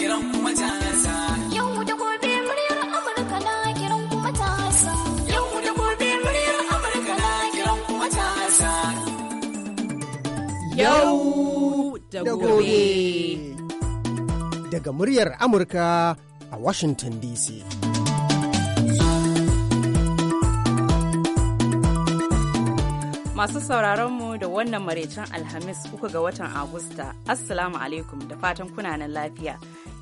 yau da gobe. Daga muryar Amurka a Washington DC. Masu sauraronmu da wannan maraicen Alhamis uku ga watan Agusta, Assalamu alaikum da fatan kunanan lafiya.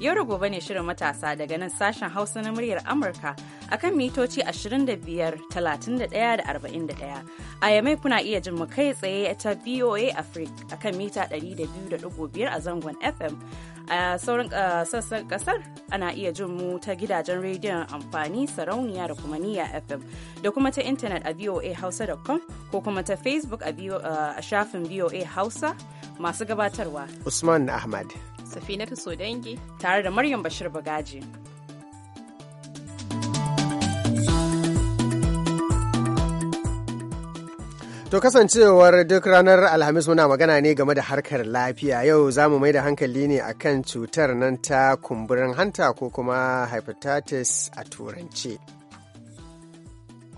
Yau da gobe ne shirin matasa daga nan sashen Hausa na muryar Amurka akan mitoci 25, 31 da 41. A yamai kuna iya jin mu kai tsaye ta VOA Africa akan mita 200.5 a zangon FM. A sauran sassan kasar ana iya jin mu ta gidajen rediyon amfani sarauniya da kuma niya FM da kuma ta intanet a voa hausa.com ko kuma ta Facebook a shafin VOA Hausa masu gabatarwa. Usman Ahmad. Safinatu Sodangi tare da Maryam Bashir Bagaji. To kasancewar duk ranar Alhamis muna magana ne game da harkar lafiya yau za mu mai da hankali ne akan cutar nan ta kumburin hanta ko kuma hepatitis a Turanci.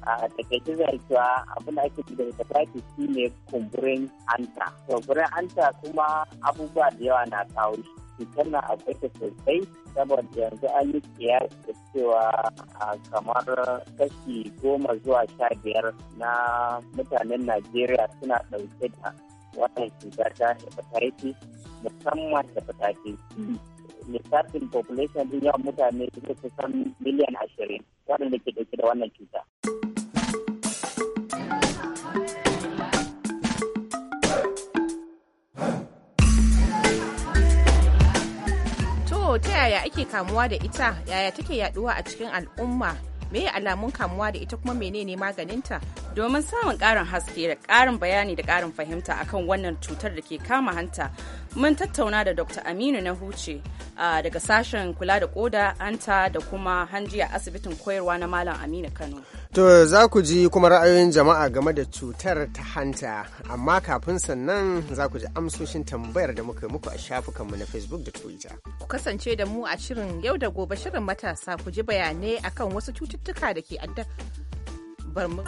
a takaice zartuwa abin da ake ci da hepatitis shi ne kumburin hanta kumburin hanta kuma abubuwa da yawa na kawo shi cutar na akwai ta sosai saboda yanzu an yi kiyasi cewa a kamar kashi goma zuwa sha biyar na mutanen najeriya suna ɗauke da wannan cutar ta hepatitis musamman hepatitis lissafin population din yawan mutane su kusan miliyan ashirin waɗanda ke ɗauke da wannan cuta. yaya ake kamuwa da ita yaya take yaduwa a cikin al'umma meye alamun kamuwa da ita kuma menene maganinta domin samun karin haske da karin bayani da karin fahimta akan wannan cutar da ke kama hanta mun tattauna da dr aminu na huce Ah, daga sashen kula da koda Anta da kuma hanji a asibitin koyarwa na malam aminu kano to za ku ji kuma ra'ayoyin jama'a game da cutar ta hanta amma kafin sannan za ku ji amsoshin tambayar da muka muku a shafukanmu na facebook da twitter ku kasance da mu a shirin yau da gobe shirin matasa ku ji bayanai akan wasu cututtuka da ke adda mu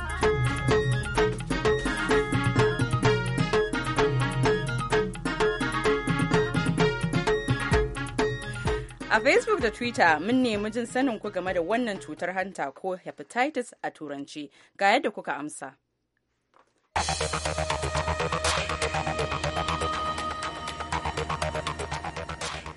A Facebook da Twitter mun nemi jin sanin ku game da wannan cutar hanta ko hepatitis a turanci ga yadda kuka amsa.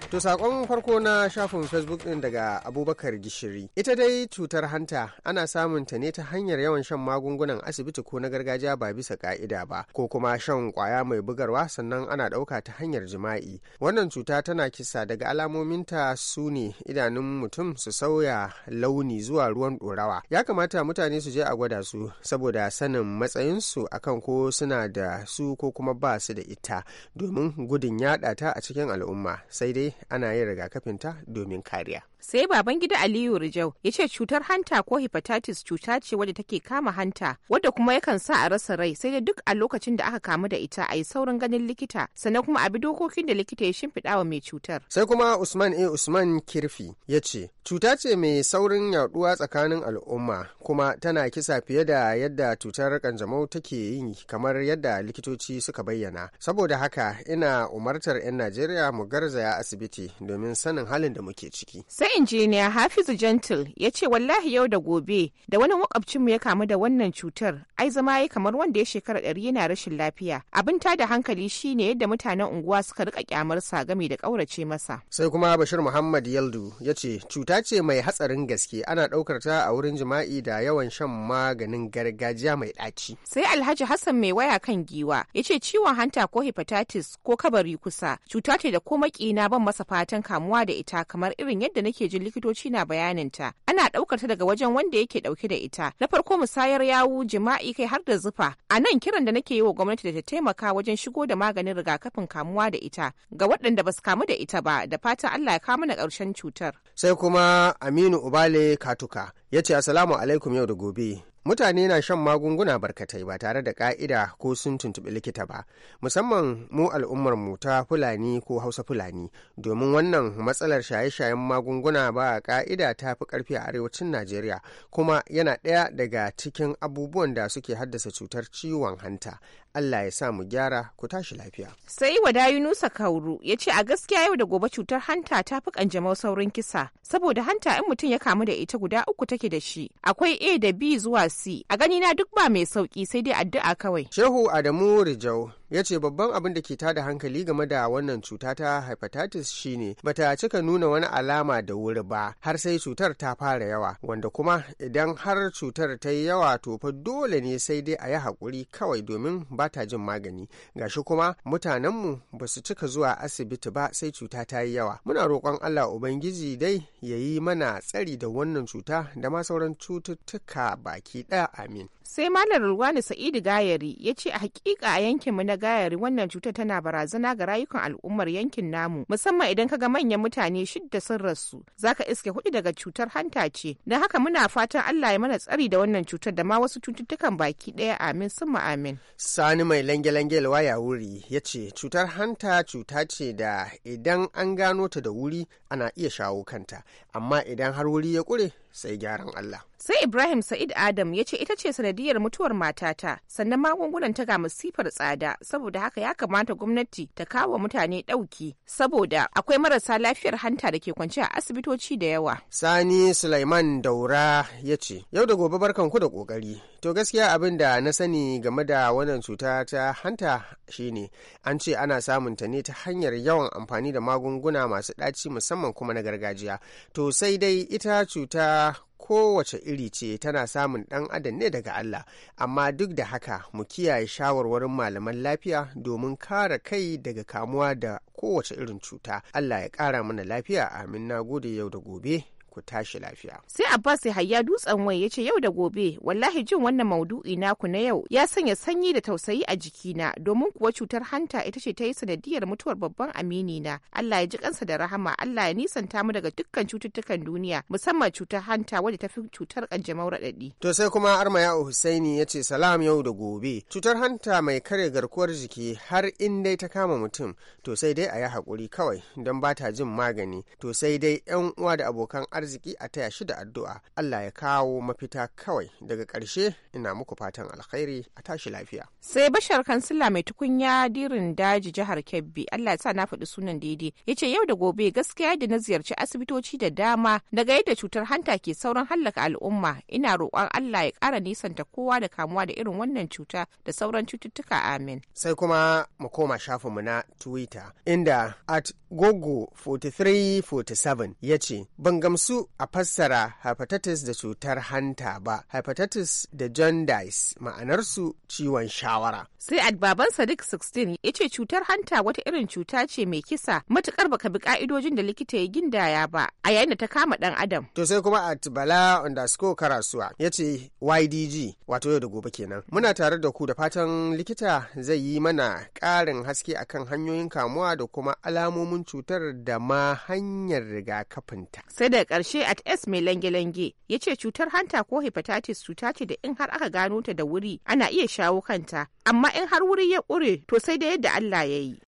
To sakon farko na shafin Facebook ɗin daga Abubakar Gishiri. Ita dai cutar hanta ana samun ta ne ta hanyar yawan shan magungunan asibiti ko na gargajiya ba bisa ka'ida ba, ko kuma shan kwaya mai bugarwa sannan ana ɗauka ta hanyar jima'i. Wannan cuta tana kisa daga alamominta su ne idanun mutum su sauya launi zuwa ruwan ɗorawa. Ya kamata mutane su je a gwada su saboda sanin matsayinsu akan ko suna da su ko kuma ba su da ita domin gudun yaɗa ta a cikin al'umma. Sai dai ana yin rigakafinta domin kariya sai baban gida aliyu rijau ya ce cutar hanta ko hepatitis cuta ce wadda take kama hanta wadda kuma yakan sa a rasa rai sai da duk a lokacin da aka kamu da ita a yi saurin ganin likita sannan kuma abi dokokin da likita ya shimfiɗa wa mai cutar sai kuma usman a usman kirfi ya ce cuta ce mai saurin yaduwa tsakanin al'umma kuma tana kisa fiye da yadda cutar kanjamau take yi kamar yadda likitoci suka bayyana saboda haka ina umartar 'yan najeriya mu garzaya asibiti domin sanin halin da muke ciki injiniya Hafizu Gentle ya ce wallahi yau da gobe da wani makwabcinmu ya kamu da wannan cutar ai zama ya kamar wanda ya shekara ɗari yana rashin lafiya. Abin ta da hankali shine yadda mutanen unguwa suka rika kyamar sa game da ƙaurace masa. Sai kuma Bashir Muhammad Yaldu ya ce cuta ce mai hatsarin gaske ana ɗaukar ta a wurin jima'i da yawan shan maganin gargajiya mai ɗaci. Sai Alhaji Hassan mai waya kan giwa ya ce ciwon hanta ko hepatitis ko kabari kusa cuta ce da ko maƙina ban masa fatan kamuwa da ita kamar irin yadda nake nake jin likitoci na bayanin ta ana ɗaukar ta daga wajen wanda yake ɗauke da ita na farko musayar yawu jima'i kai har da zufa a nan kiran da nake yi wa gwamnati da ta taimaka wajen shigo da maganin rigakafin kamuwa da ita ga waɗanda ba su kamu da ita ba da fatan Allah ya kamu na ƙarshen cutar sai kuma Aminu Ubale Katuka ya ce asalamu alaikum yau da gobe mutane na shan magunguna barkatai ba tare da ka'ida ko sun tuntuɓi likita ba musamman mu al'ummar mu ta fulani ko hausa fulani domin wannan matsalar shaye-shayen magunguna ba ka'ida ta fi karfi a arewacin najeriya kuma yana ɗaya daga cikin abubuwan da suke haddasa cutar ciwon hanta Allah ya sa mu gyara ku tashi lafiya. Sai wada Yunusa Kauru ya ce a gaskiya yau da gobe cutar hanta ta fi kanjamau saurin kisa saboda hanta in mutum ya kamu da ita guda uku take da shi akwai A da B zuwa C a gani na duk ba mai sauki sai dai addu'a kawai. Shehu Adamu Rijau ya ce babban abin da ke tada hankali game da wannan cuta ta hepatitis shine bata cika nuna wani alama da wuri ba har sai cutar ta fara yawa wanda kuma idan har cutar ta yi yawa to fa dole ne sai dai a yi haƙuri kawai domin ba ta jin magani gashi kuma mutanenmu ba su cika zuwa asibiti ba sai cuta ta yi yawa muna roƙon allah ubangiji dai ya yi mana tsari da wannan cuta da ma sauran cututtuka baki ɗaya amin sai malam ruwani sa'idu gayari ya ce a hakika a yankinmu na gayari wannan cutar tana barazana ga rayukan al'ummar yankin namu musamman idan kaga manyan mutane shidda sun rasu zaka iske hudu daga cutar hanta ce don haka muna fatan Allah ya mana tsari da wannan cutar da ma wasu cututtukan baki daya amin sun amin. Sani mai lange-lange waya wuri ya ce cutar hanta cuta ce da idan an gano ta da wuri ana iya shawo kanta amma idan har wuri ya ƙure sai gyaran Allah. Sai Ibrahim Sa'id Adam ya ce ita ce sanadiyar mutuwar matata sannan magungunan ta ga masifar tsada saboda haka ya kamata gwamnati ta kawo mutane ɗauki saboda akwai marasa lafiyar hanta da ke kwance a asibitoci da yawa. Sani Sulaiman Daura ya ce yau da gobe barkan ku da ƙoƙari To gaskiya abin da na sani game da wannan cuta ta hanta shine an ce ana samun ta ne ta hanyar yawan amfani da magunguna masu ɗaci musamman kuma na gargajiya. To sai dai ita cuta kowace iri ce tana samun ɗan adam ne daga Allah, amma duk da haka mu kiyaye shawarwarin malaman lafiya domin kare kai daga kamuwa da kowace irin cuta. Allah ya ƙara mana lafiya amin na gode yau da gobe. ku tashi lafiya. Sai Abbas Yahaya Dutsen wai ya ce yau da gobe wallahi jin wannan maudu'i naku na yau ya sanya sanyi da tausayi a jikina domin kuwa cutar hanta ita ce ta yi sanadiyar mutuwar babban amini na. Allah ya ji kansa da rahama Allah ya nisanta mu daga dukkan cututtukan duniya musamman cutar hanta wadda ta fi cutar kanjamau raɗaɗi. To sai kuma Armaya Husaini ya ce salam yau da gobe. Cutar hanta mai kare garkuwar jiki har in dai ta kama mutum to sai dai a yi haƙuri kawai don ba ta jin magani to sai dai 'yan uwa da abokan arziki arziki a taya shi da addu'a Allah ya kawo mafita kawai daga karshe ina muku fatan alkhairi a tashi lafiya sai bashar kansila mai tukunya dirin daji jihar kebbi Allah ya sa na faɗi sunan daidai ya ce yau da gobe gaskiya da na ziyarci asibitoci da dama daga yadda cutar hanta ke sauran hallaka al'umma ina roƙon Allah ya ƙara nisanta kowa da kamuwa da irin wannan cuta da sauran cututtuka amin sai kuma mu koma shafinmu na twitter inda at gogo 4347 ya ce ban gamsu a fassara hepatitis da cutar hanta ba, hepatitis da jaundice ma'anarsu ciwon shawara. Sai Adbaban Sadiq 16 ya ce cutar hanta wata irin cuta ce mai kisa matukar baka bi ka'idojin da likita ya gindaya ba a yayin da ta kama dan adam. To sai kuma at Bala underscore karasuwa ya ce YDG wato yau da gobe kenan. Muna tare da ku da fatan likita zai yi mana ƙarin haske akan hanyoyin kamuwa da kuma alamomin cutar da ma hanyar rigakafinta. Sai da karshe at s mai lange-lange ya ce cutar hanta ko hepatitis cuta ce da in har aka gano ta da wuri ana iya shawo kanta amma in har wuri ya kure to sai da yadda allah ya yi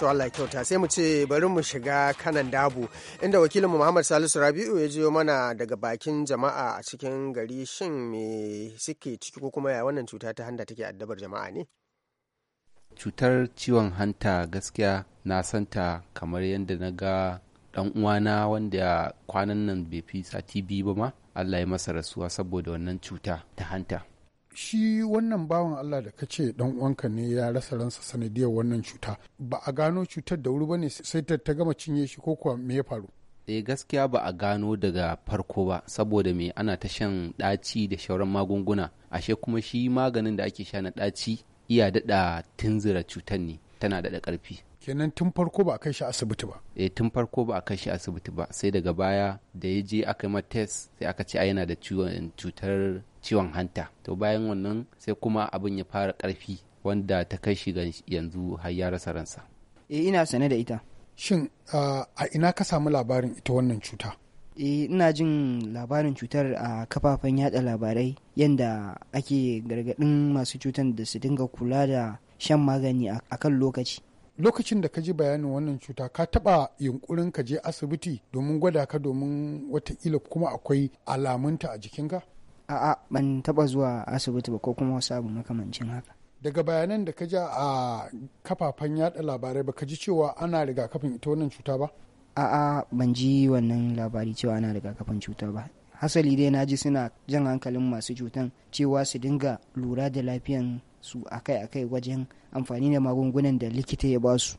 to Allah kyauta sai mu ce bari mu shiga kanan dabu inda wakilin mu Muhammad Salisu Rabi'u ya jiyo mana daga bakin jama'a a cikin gari shin me suke ciki ko kuma ya wannan cuta ta handa take addabar jama'a ne cutar ciwon hanta gaskiya na santa kamar yadda na ga dan uwana wanda kwanan nan bai fi sati biyu ba ma allah ya masa rasuwa saboda wannan cuta ta hanta shi wannan bawan Allah da ka ce dan uwanka ne ya rasa ransa sanadiyar wannan cuta ba a gano cutar da wuri bane sai ta ta gama cinye shi ko kuwa me ya faru eh gaskiya ba a gano daga farko ba saboda me ana ta shan ɗaci da shauran magunguna ashe kuma shi maganin da ake sha na ɗaci iya daɗa tunzura cutar ne tana daɗa ƙarfi kenan tun farko ba a kai shi asibiti ba eh tun farko ba a kai shi asibiti ba sai daga baya da ya je aka yi test sai aka ce yana da ciwon cutar ciwon hanta to bayan wannan sai kuma abin ya fara ƙarfi wanda ta kai shi yanzu har ya rasa ransa eh ina sane da ita shin ah, a ina ka samu labarin ita wannan cuta eh ina jin labarin cutar a kafafen yada labarai yadda ake gargadin masu cutar da su dinga kula da shan magani a kan lokaci lokacin da ka ji bayanin wannan cuta ka taba yunkurin ka je asibiti domin gwada ka domin watakila kuma akwai alamunta a jikinka a'a ban taba zuwa asibiti ba ko kuma wasu abu makamancin haka daga bayanan da ka ji a kafafen yada labarai ba ka ji cewa ana rigakafin ita wannan cuta ba a'a ban ji wannan labari cewa ana rigakafin cuta ba hasali dai na ji suna jan hankalin masu cutan cewa su dinga lura da lafiyan su akai-akai wajen amfani da magungunan da likita ya ba su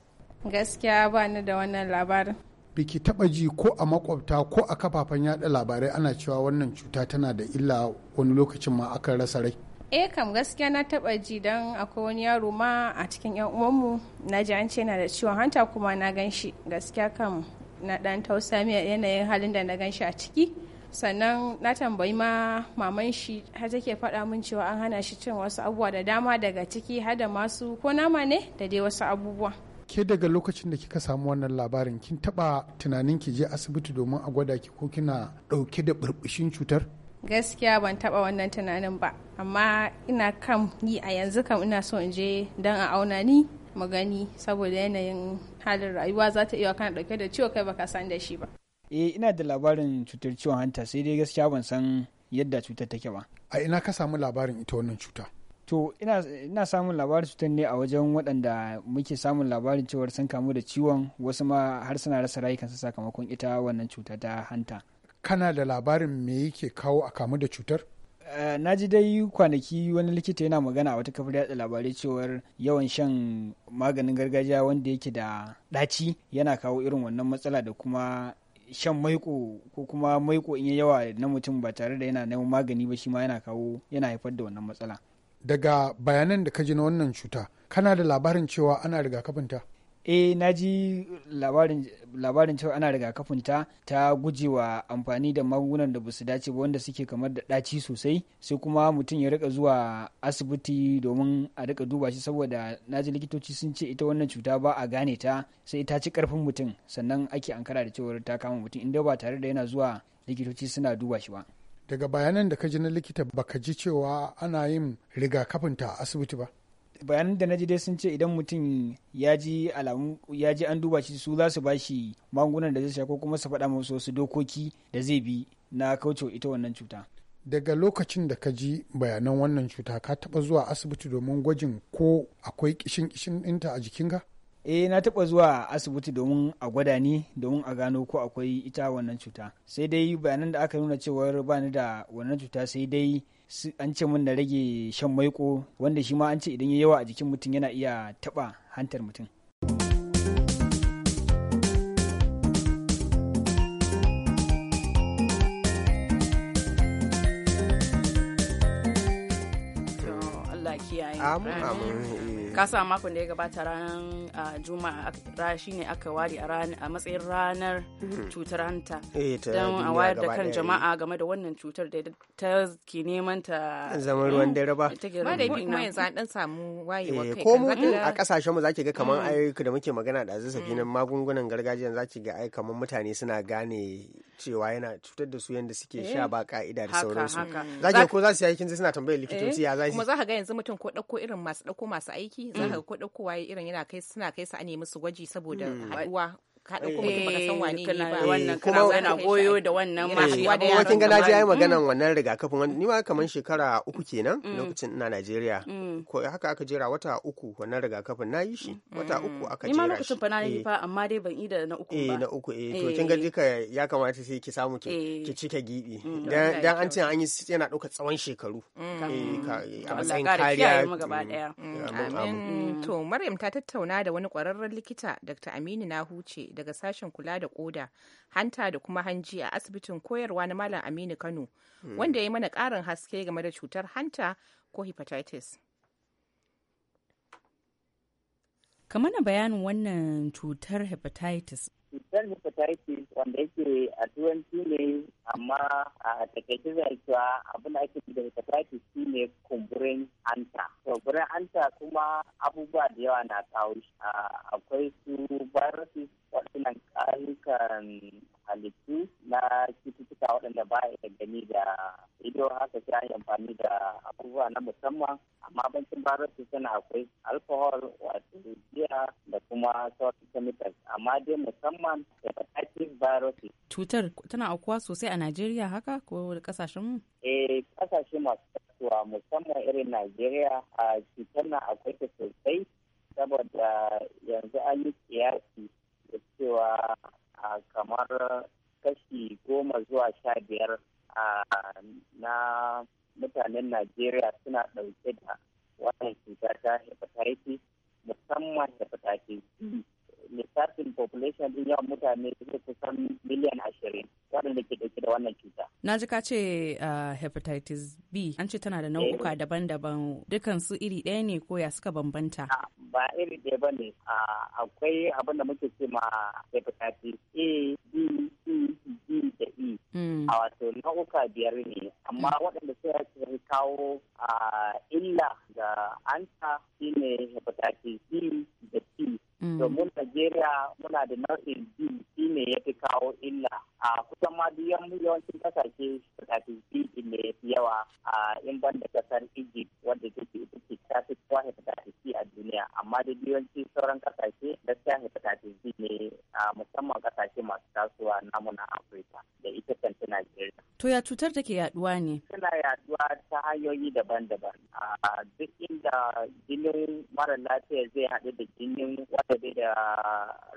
gaskiya ba ni da wannan labarin biki taba ji ko a makwabta ko a kafafen yada labarai ana cewa wannan cuta tana da illa wani lokacin ma akan rasa rai eh kam gaskiya na taba ji dan akwai wani yaro ma a cikin yan uwanmu na ji an ce yana da ciwon hanta kuma na gan shi gaskiya kam na ɗan tausa miya yanayin halin da na gan shi a ciki sannan na tambayi ma maman shi har take faɗa min cewa an hana shi cin wasu abubuwa da dama daga ciki har da masu ko nama ne da dai wasu abubuwa ke daga lokacin da kika samu wannan labarin kin taɓa tunanin ki je asibiti domin a gwada ki ko kina dauke da burbushin cutar gaskiya ban taba wannan tunanin ba amma ina kam yi a yanzu kam ina so in je don a auna ni mu gani saboda yanayin halin rayuwa za ta iya kana dauke da ciwo kai baka san da shi ba eh ina da labarin cutar ciwon hanta sai dai gaskiya ban san yadda cutar take ba a ina ka samu labarin ita wannan cuta to ina samun labarin cutar ne a wajen waɗanda muke samun labarin cewar sun kamu da ciwon wasu ma har suna rasa rayukansu sakamakon ita wannan cuta ta hanta kana da labarin me yake kawo a kamu da cutar Eh, na ji dai kwanaki wani likita yana magana a wata kafar yadda labarai cewar yawan shan maganin gargajiya wanda yake da ɗaci yana kawo irin wannan matsala da kuma shan maiko ko kuma maiko in yawa na mutum ba tare da yana neman magani ba shi ma yana kawo yana haifar da wannan matsala daga bayanan da ka ji na wannan cuta kana da labarin cewa ana rigakafinta e na ji labarin cewa ana rigakafin ta ta gujewa amfani da magungunan da basu dace ba wanda suke kamar da daci sosai sai kuma mutum ya rika zuwa asibiti domin a rika duba shi saboda na ji likitoci sun ce ita wannan cuta ba a gane ta sai ta ci karfin mutum sannan ake ankara da cewar ta kama mutum inda ba tare da yana zuwa likitoci suna duba shi ba daga bayanan da ka ji na likita baka ji cewa ana yin rigakafin ta a asibiti ba bayanan da na ji dai sun ce idan mutum ya ji an duba shi su za su ba shi magungunan da zai sha ko kuma su faɗa masu wasu dokoki da zai bi na kaucewa ita wannan cuta daga lokacin da ka ji bayanan wannan cuta ka taɓa zuwa asibiti domin gwajin ko akwai kishin kishin ɗinta a jikinka eh na taɓa zuwa asibiti domin a gwada ni domin a gano ko akwai ita wannan cuta sai dai bayanan da aka nuna cewar bani da wannan cuta sai dai an ce mun na rage shan maiko wanda shi ma an ce idan ya yawa a jikin mutum yana iya taɓa hantar mutum Amin, amin. kasa makon da ya gabata ranar ah, juma'a ne aka ware a matsayin ranar mm-hmm. cutar hanta eh, don a wayar da kan jama'a game da wannan cutar da ta ke neman ta zama ruwan mm, dare ba ba da kuma yanzu an dan samu wa eh, kai kan a kasashen mu zaki ga kaman mm. ayyuka da muke magana da azu safinan mm. magungunan gargajiya zaki ga ai kaman mutane suna gane cewa yana cutar da su yadda suke sha eh, ba ka'ida da sauransu za ko za su yi aikin suna tambayar likitoci eh, ya za kuma za ka ga yanzu mutum ko ɗauko irin masu ɗauko masu aiki za ka ga mm. ko ɗauko waye irin yana kai suna kai su a nemi su gwaji saboda mm. haɗuwa ka dauko mutum baka san eh, wane ne ba wannan eh, kuma yana goyo da wannan mashi wanda ya kin ga naji yayi maganan mm. wannan rigakafin ni ma kaman shekara uku kenan mm. lokacin ina Najeriya mm. ko haka aka jera wata uku wannan rigakafin na yi shi wata uku aka jera shi ni ma lokacin fa na yi eh. fa amma dai ban yi da na uku ba eh na uku eh to kin ga duka ya kamata sai ki samu ki cike gibi dan an ce an yi yana ɗaukar tsawon shekaru a matsayin kariya to maryam ta tattauna da wani kwararren likita dr aminu na huce daga sashen kula da koda, hanta da kuma hanji a asibitin koyarwa na Malam Aminu Kano, hmm. wanda ya yi mana ƙarin haske game da cutar hanta ko hepatitis. mana bayanin wannan cutar hepatitis cutar hepatitis wanda yake a turanci ne amma a takaice zai abin da ake da hepatitis shi ne kumburin hanta kumburin hanta kuma abubuwa da yawa na kawo shi akwai su viruses waɗannan ƙarukan halittu na cututtuka waɗanda ba ya gani da ido haka sai an amfani da abubuwa na musamman amma bancin viruses suna akwai alcohol wato giya kuma sauran chemicals amma dai musamman hepatitis virus cutar tana aukuwa sosai a Najeriya haka ko da kasashen mu eh kasashe masu tasowa musamman irin Najeriya a cutar na akwai ta sosai saboda yanzu an yi kiyasi da cewa kamar kashi goma zuwa sha biyar na mutanen Najeriya suna ɗauke da wannan cutar ta hepatitis musamman da fitake mm. lissafin population din yawan mutane zai kusan miliyan ashirin waɗanda ke ɗauke da wannan cuta. Na ji ka ce uh, hepatitis B an ce tana da nau'uka eh. daban-daban dukan su iri ɗaya ne ko ya suka bambanta? Ah, ba iri ɗaya ba ne ah, akwai abin da muke ce ma hepatitis A, B, C, D da E. Mm. A ah, wato nau'uka biyar ne amma mm. waɗanda suka kawo illa ga anta shine ake da mm. t domin najeriya muna da nau'in d shi ne ya fi kawo illa a kusan ma duk yawancin kasashe kasashe d ne ya fi yawa a in ban da kasar egypt wadda take ita ce ta fi kwa hepatitis c a duniya amma da yawanci sauran kasashe gaskiya hepatitis c ne musamman kasashe masu tasowa namuna To ya cutar da ke yaduwa ne? Tana yaduwa ta hanyoyi daban-daban. A duk inda jinin mara lafiya zai haɗu da jinin wata bai da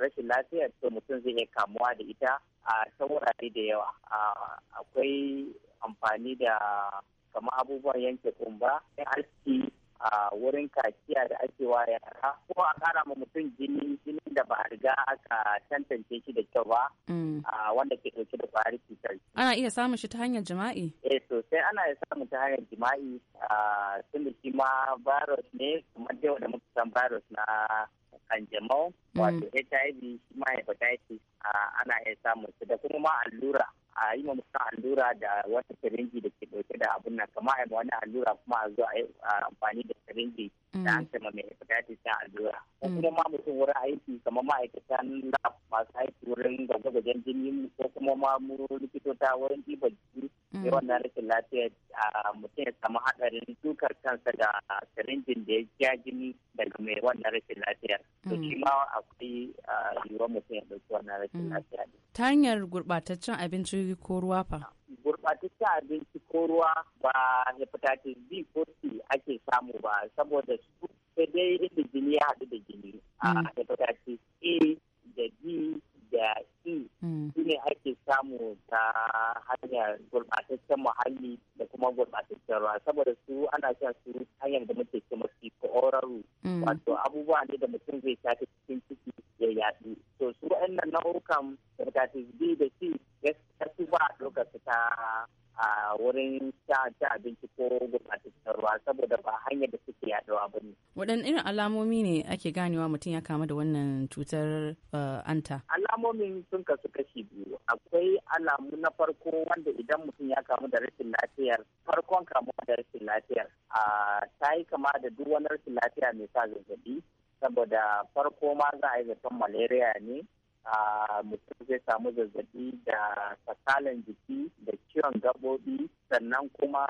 rashin lafiya to mutum zai iya kamuwa da ita a ta wurare da yawa. Akwai amfani da kamar abubuwan yanke kumba, aski a wurin kakiya da ake wa yara ko a kara ma mutum jini jini da ba a riga aka tantance shi da kyau ba mm. wanda ke dauke da kwayar cutar ana iya samun shi ta hanyar jima'i eh sosai ana iya samun ta hanyar jima'i tun da shi ma virus ne kamar dai wanda muka san virus na kanjamau mm. wato hiv shi ma hepatitis ana iya samun shi, da kuma allura a yi ma mutum allura da wata sirinji da ke dauke da abun nan kama a wani allura kuma a zo a yi amfani da sirinji da mm. an ce mai hepatitis na allura ko mm. kuma ma mutum wurin aiki kamar ma'aikatan lab masu aiki wurin gwagwajen gwajen jini ko kuma ma mu likitota wurin ɗiba jiki. Mm. sai wannan rashin lafiya mutum ya samu haɗarin dukar kansa da sirinjin da ya ja jini daga mai wannan rashin lafiyar to shi ma akwai yiwuwar mutum ya ɗauki wannan rashin lafiya ta hanyar gurɓataccen abinci ko ruwa fa gurɓataccen abinci ko ruwa ba hepatitis b ko c ake samu ba saboda su sai dai inda jini ya haɗu da jini a mm. hepatitis a da b da e mm. su ne ake samu ta hanyar gurɓataccen muhalli da kuma gurɓataccen ruwa saboda su ana shan su hanyar da muke ce masu ko mm. wato abubuwa ne da mutum zai sha ta cikin ciki ya yaɗu to su wa'annan nau'ukan hepatitis b da c ta a wurin sha ta abinci ko gurbataccen ruwa saboda ba hanyar da suke yaduwa ba ne. Waɗanne irin alamomi ne ake ganewa mutum ya kamu da wannan cutar uh, anta? Alamomin sun kasu kashi biyu. Akwai alamu na farko wanda idan mutum ya kamu da rashin lafiyar farkon kamuwa da rashin lafiyar ta yi kama da duk wani rashin lafiya mai sa zazzabi saboda farko ma za a yi zaton malaria ne mutum zai samu zazzabi da sakalan jiki da ciwon gabobi sannan kuma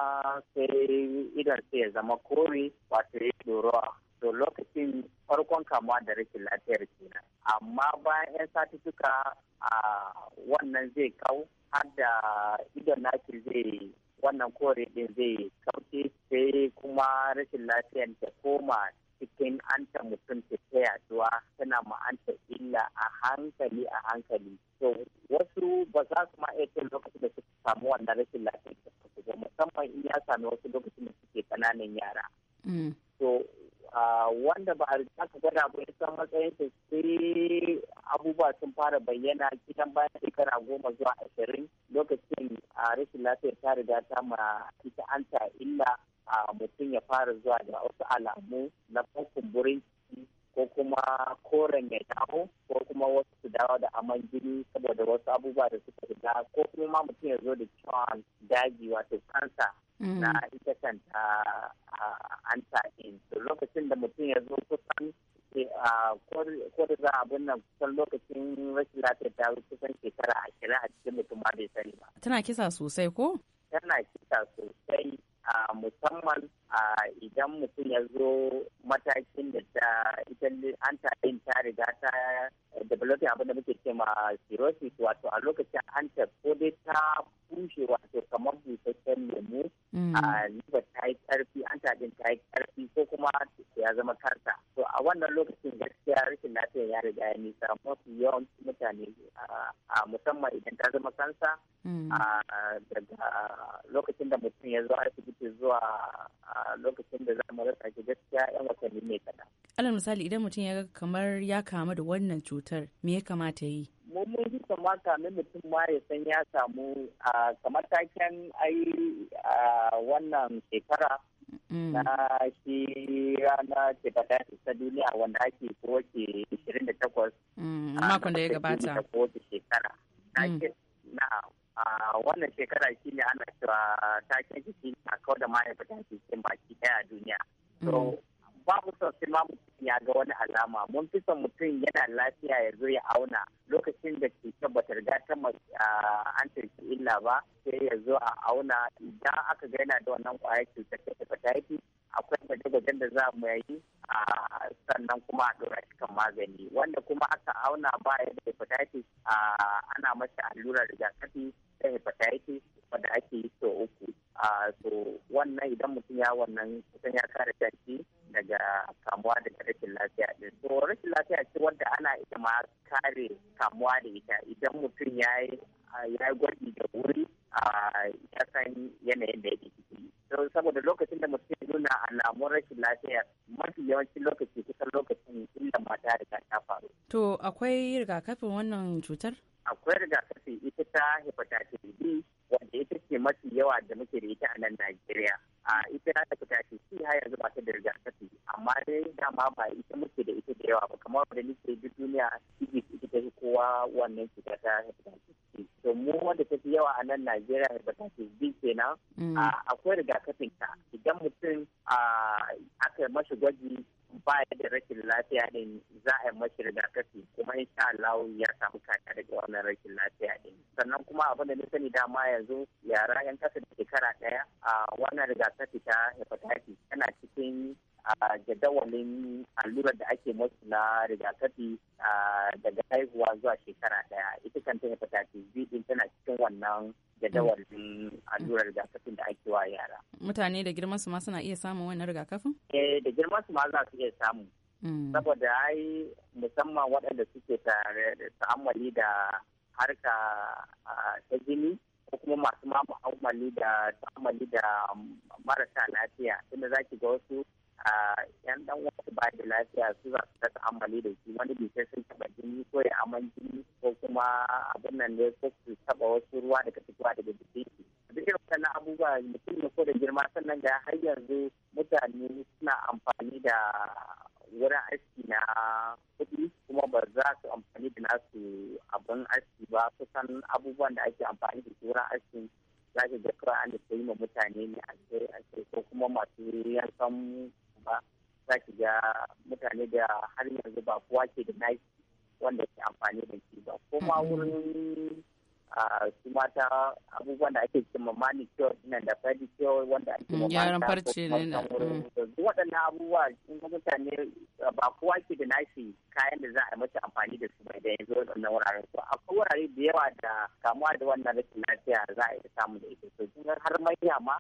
sai idan sai ya zama kore wato ya dorowa to lokacin farkon kamuwa da rashin lafiyar kenan amma bayan 'yan sati suka a wannan zai kau har da idan naki zai wannan kore din zai kauce sai kuma rashin lafiyar ta koma cikin anta mutum ta yaduwa tana ma'anta hankali a hankali so wasu ba za su ma iya lokacin da suka samu wannan rashin lafiya da suka musamman in ya sami wasu lokacin da suke kananan yara mm. to wanda ba a ka gada ba ya san matsayin su sai abubuwa sun fara bayyana gidan bayan shekara goma zuwa ashirin lokacin a rashin lafiyar ta riga ta ma ita an ta illa mutum ya fara zuwa da wasu alamu na kumburin ko kuma koren ya dawo ko kuma wasu su dawo da aman jini saboda wasu abubuwa da suka riga ko kuma ma mutum ya zo da ciwon daji wato kansa mm. na ita kanta anta in lokacin da mutum ya zo kusan eh, ko da za abin nan kusan lokacin rashin lafiyar ta kusan shekara ashirin a cikin mutum ma bai sani ba. Tana kisa sosai ko? Tana kisa sosai musamman idan mutum ya zo matakin da ta ita an ta riga ta developing abin abinda muke ce ma cirrhosis wato a lokacin ta ko dai ta bushe wato kamar busasshen lemu mm. a liver ta yi ƙarfi an ta yi ƙarfi ko kuma ya zama karta to a wannan lokacin gaskiya rashin lafiyar ya riga ya nisa mafi yawan mutane a musamman idan ta zama kansa mm. daga lokacin da mutum ya zo asibiti zuwa lokacin da za mu rasa shi gaskiya yan watanni ne kada alal misali idan mutum ya ga kamar ya kamu da wannan cutar me ya kamata yi mun yi kamata na mutum ma ya san ya samu a kamar taken ai a wannan shekara mm. na shi rana hepatitis ta duniya wanda ake ke 28 mm, makon da ya gabata kowace shekara mm. na a wannan shekara shi ne ana cewa taken shi a kawar da ma'aikatan cikin baki daya a duniya. So mm. babu son sai ma mutum ya ga wani alama mun fi son mutum yana lafiya ya zo ya auna lokacin da ke tabbatar ta riga ta an tarki illa ba sai ya zo a auna idan aka ga yana da wannan kwaya cutar ta hepatitis akwai gwaje-gwajen da za mu yi sannan kuma a dora shi kan magani wanda kuma aka auna ba ya da hepatitis ana masa allurar rigakafi ta eh, hepatitis wanda ake yi so uku a ah, so wannan idan mutum ya wannan kusan ya kare kanshi daga kamuwa daga rashin lafiya din so rashin lafiya ce wanda ana ita ma kare kamuwa da ita idan mutum ya yi ah, gwaji da wuri ah, ya san yanayin da yake ciki saboda lokacin da mutum ya nuna alamun rashin lafiya mafi yawancin lokaci kusan lokacin illa mata da ta faru to akwai rigakafin wannan cutar akwai rigakafi ita ta hepatitis B wanda ita ce mafi yawa da muke da ita a nan Najeriya. A ita ta hepatitis C har yanzu ba ta da rigakafi amma dai dama ba ita muke da ita da yawa ba kamar wanda nake duk duniya Egypt ita ta kowa wannan cuta ta hepatitis C. To mu wanda ta fi yawa a nan Najeriya hepatitis B kenan mm. akwai rigakafin ta idan mutum aka yi mashi gwaji ba da rashin lafiya din za a yi mashi rigakafi kuma in sha Allah ya samu kariya daga wannan rashin lafiya din sannan kuma abin da na sani dama yanzu yara yan kasa da shekara daya a wannan rigakafi ta hepatitis tana cikin a jadawalin allurar da ake masu na rigakafi daga haihuwa zuwa shekara daya ita kan ta hepatitis b tana cikin wannan jadawalin allurar rigakafin da ake wa yara mutane da girman su ma suna iya samun wannan rigakafin eh da girman su ma za su iya samu mm. saboda ai musamman waɗanda suke ta'ammali da harka ta jini ko kuma masu mamu da ta'ammali da um, marasa lafiya inda za ki ga wasu yan dan wasu ba da lafiya su za su ta ta'ammali da shi wani bai sun taba jini ko ya aman jini ko kuma abin nan ne ko su taba wasu ruwa daga fitowa daga jiki shi duk irin wannan abubuwa mutum ne ko da girma sannan da har yanzu mutane suna amfani da wurin aski na kuɗi kuma ba za su amfani da nasu abin aski ba kusan abubuwan da ake amfani da su wurin aski za ka ga kawai an da yi ma mutane ne a ko kuma masu yankan ba za ki ga mutane da har yanzu ba kowa ke da naki wanda ke amfani da shi ba kuma mm-hmm. wurin su mata abubuwan da ake cikin mamani kyau nan da fadi kyau wanda ake mm, mamani ta farce ne na mm. waɗannan abubuwa sun ga mutane eh, ba kowa ke da nashi kayan da za a mata amfani da su mai da yanzu waɗannan wuraren su akwai wurare da yawa da kamuwa da wannan rashin lafiya za a iya samu da ita to har maiya ma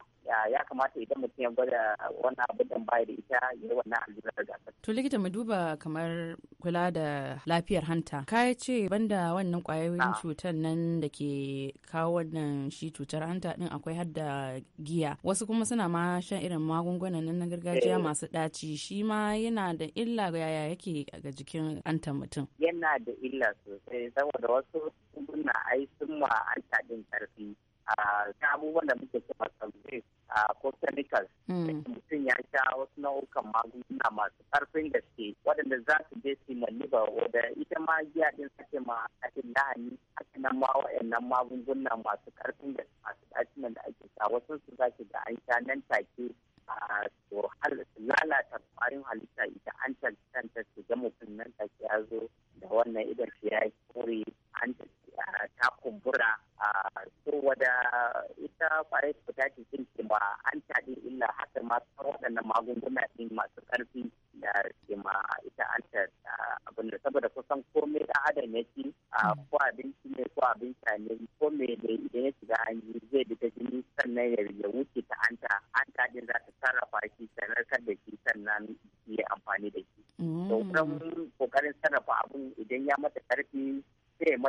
ya kamata idan mutum ya gwada wannan abin da bai da ita ya wannan allurar rigakafi. To likita mu duba kamar kula da lafiyar hanta. Ka ce banda wannan kwayoyin cutar nan da ke ke kawo wannan shi cutar hanta din akwai har da giya wasu kuma suna ma shan irin magungunan nan na gargajiya eh. masu daci shi ma yana da illa yaya yake ga jikin hanta mutum yana da illa sosai saboda wasu suna ai sun ma hanta din karfi a abubuwan da muke cewa a ko chemicals hmm. mutum ya sha wasu nau'ukan magunguna masu karfin gaske waɗanda za su je su yi maliba wadda ita ma giya ɗin sake ma ake lahani nan ma wa'annan magunguna masu karfin da masu ɗacinan da ake sa wasu su za su ga an sha nan take a to lalata kwarin halitta ita an tantance su ga mutum nan take ya zo da wannan idan shi ya kore an ta kumbura a to wada ita kwarai fita cikin ba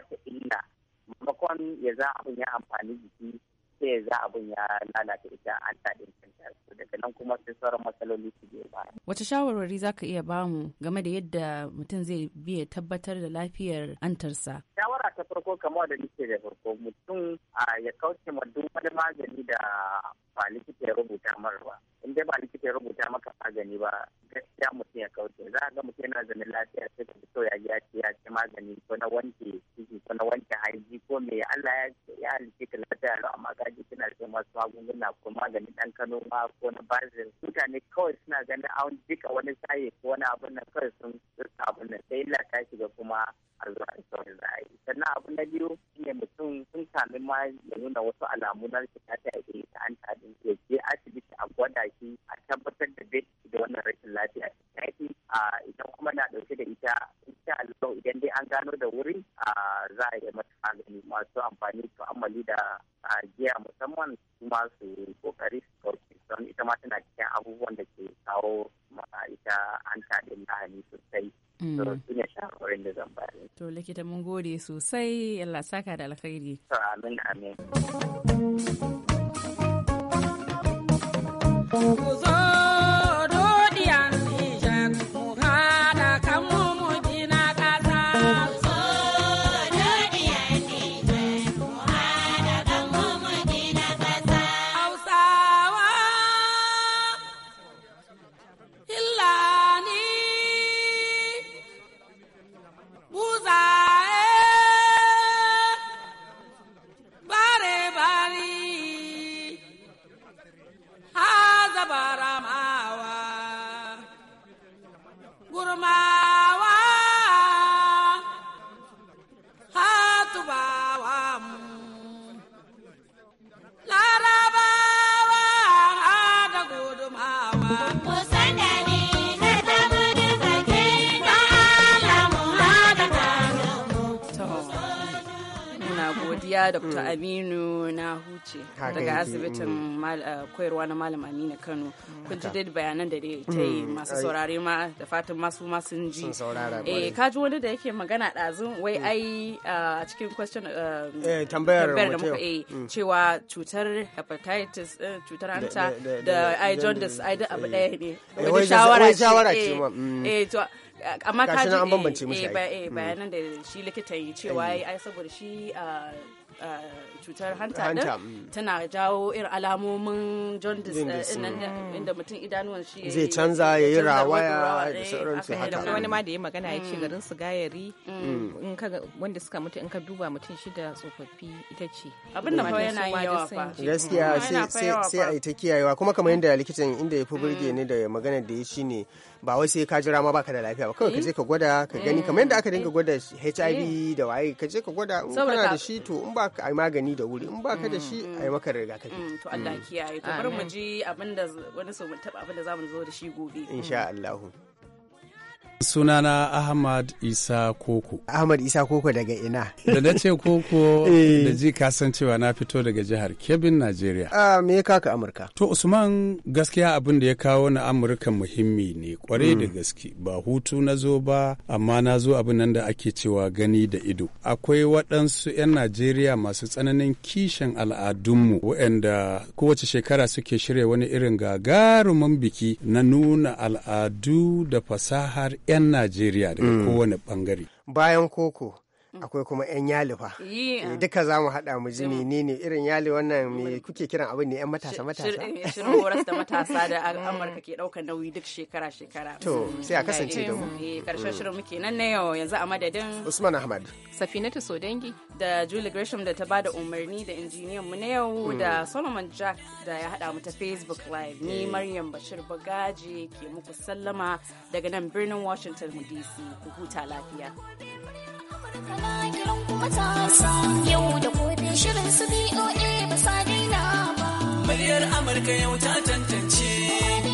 ta illa maimakon ya za abin ya amfani jiki sai ya za abin ya lalata ita an daɗin su daga nan kuma sai sauran matsaloli su biyo baya. Wace shawarwari za ka iya bamu game da yadda mutum zai biya tabbatar da lafiyar antarsa? Shawara ta farko kamar da nake da farko mutum ya kauce ma duk wani magani da ba likita ya rubuta mara ba. In dai ba likita ya rubuta maka magani ba gaskiya mutum ya kauce za a ga mutum yana zanen lafiya sai ka fito ya ce ya ce magani ko na wanke ko na wanke hanji ko me Allah ya halice ka lafiya lo amma ka ji kina sai masu magunguna ko maganin dan kano ma ko na bazil mutane kawai suna ganin an jika wani saye ko wani abun nan kawai sun abun nan sai Allah ta shiga kuma a zuwa sauran sannan abu na biyu shine mutum sun sami ma ya nuna wasu alamu na shiga ta da ta an tadin ya je asibiti a gwada shi a tabbatar da bai da wannan rashin lafiya a idan kuma na dauke da ita a lura idan dai an gano da wuri a za a yi mata magani masu amfani amali da jiya musamman kuma su kokari su kauce don ita ma tana cikin abubuwan da ke kawo ita an taɗin lahani sosai mm. To likita mun gode sosai Allah saka da alkhairi. Amin amin. daga asibitin mm. eh, koyarwa na malam amina kano mm, kun ji dai bayanan da ta yi mm. masu saurare ma da fatan masu masu ji eh ka ji wani da yake magana ɗazun wai ai eh, a cikin question eh, tambayar da muka yi cewa cutar hepatitis cutar hanta da ai jaundice ai duk abu ɗaya ne wai shawara ce amma ka ji bayanan da shi likita yi cewa ai saboda shi ah, Eh, cutar hanta din mm. tana jawo irin alamomin jaundice eh, inda mutum idanuwan shi zai canza ya yi rawaya da sauransu haka wani ma da ya magana ya ce mm. garin su gayari mm. wanda suka mutu in ka duba mutum shida tsofaffi ita ce abin da fa yana yawa fa gaskiya sai a yi ta kiyayewa kuma kamar yadda likitan inda ya fi burge ni da magana da ya shi ne ba wai sai ka jira ma baka da lafiya ba kawai ka je ka gwada ka gani kamar yadda aka dinga eh. gwada HIV da waye ka je ka gwada in kana da shi to in ba baka ka magani da wuri in baka ka da mm, shi mm. ai maka rigakafi mm, to Allah kiyaye to bari mu ji abinda wani so mu taba abinda zamu zo da shi gobe insha Allah Sunana Ahmad Isa Koko. Ahmad Isa Koko daga ina. Da na ce Koko eh. da ji kasan cewa na fito daga jihar kebin Najeriya. A ah, me ya kaka Amurka? To Usman gaskiya abin da ya kawo na Amurka muhimmi ne kwarai da mm. gaske ba hutu na zo ba amma na zo abin nan da ake cewa gani da ido. Akwai waɗansu 'yan Najeriya masu tsananin kishin al'adunmu waɗanda kowace shekara suke shirya wani irin gagarumin biki na nuna al'adu da fasahar 'yan Najeriya daga mm. kowane bangare. Bayan koko. Mm. akwai kuma yan yalifa eh, ah. duka za mu haɗa mu ni ne irin yali wannan me kuke kiran abin ne yan matasa matasa eh, shirin horas da matasa da amurka ke ɗaukar nauyi duk shekara shekara to sai a kasance da mu karshen eh, mm. shirin muke nan na yau yanzu a madadin usman ahmad safinatu sodangi da julie gresham da ta ba da umarni da injiniyan mu na yau mm. da solomon jack da ya haɗa mu ta facebook live ni maryam bashir bagaji ke muku sallama daga nan birnin washington dc ku huta lafiya Muryar Amurka yau ta tantance.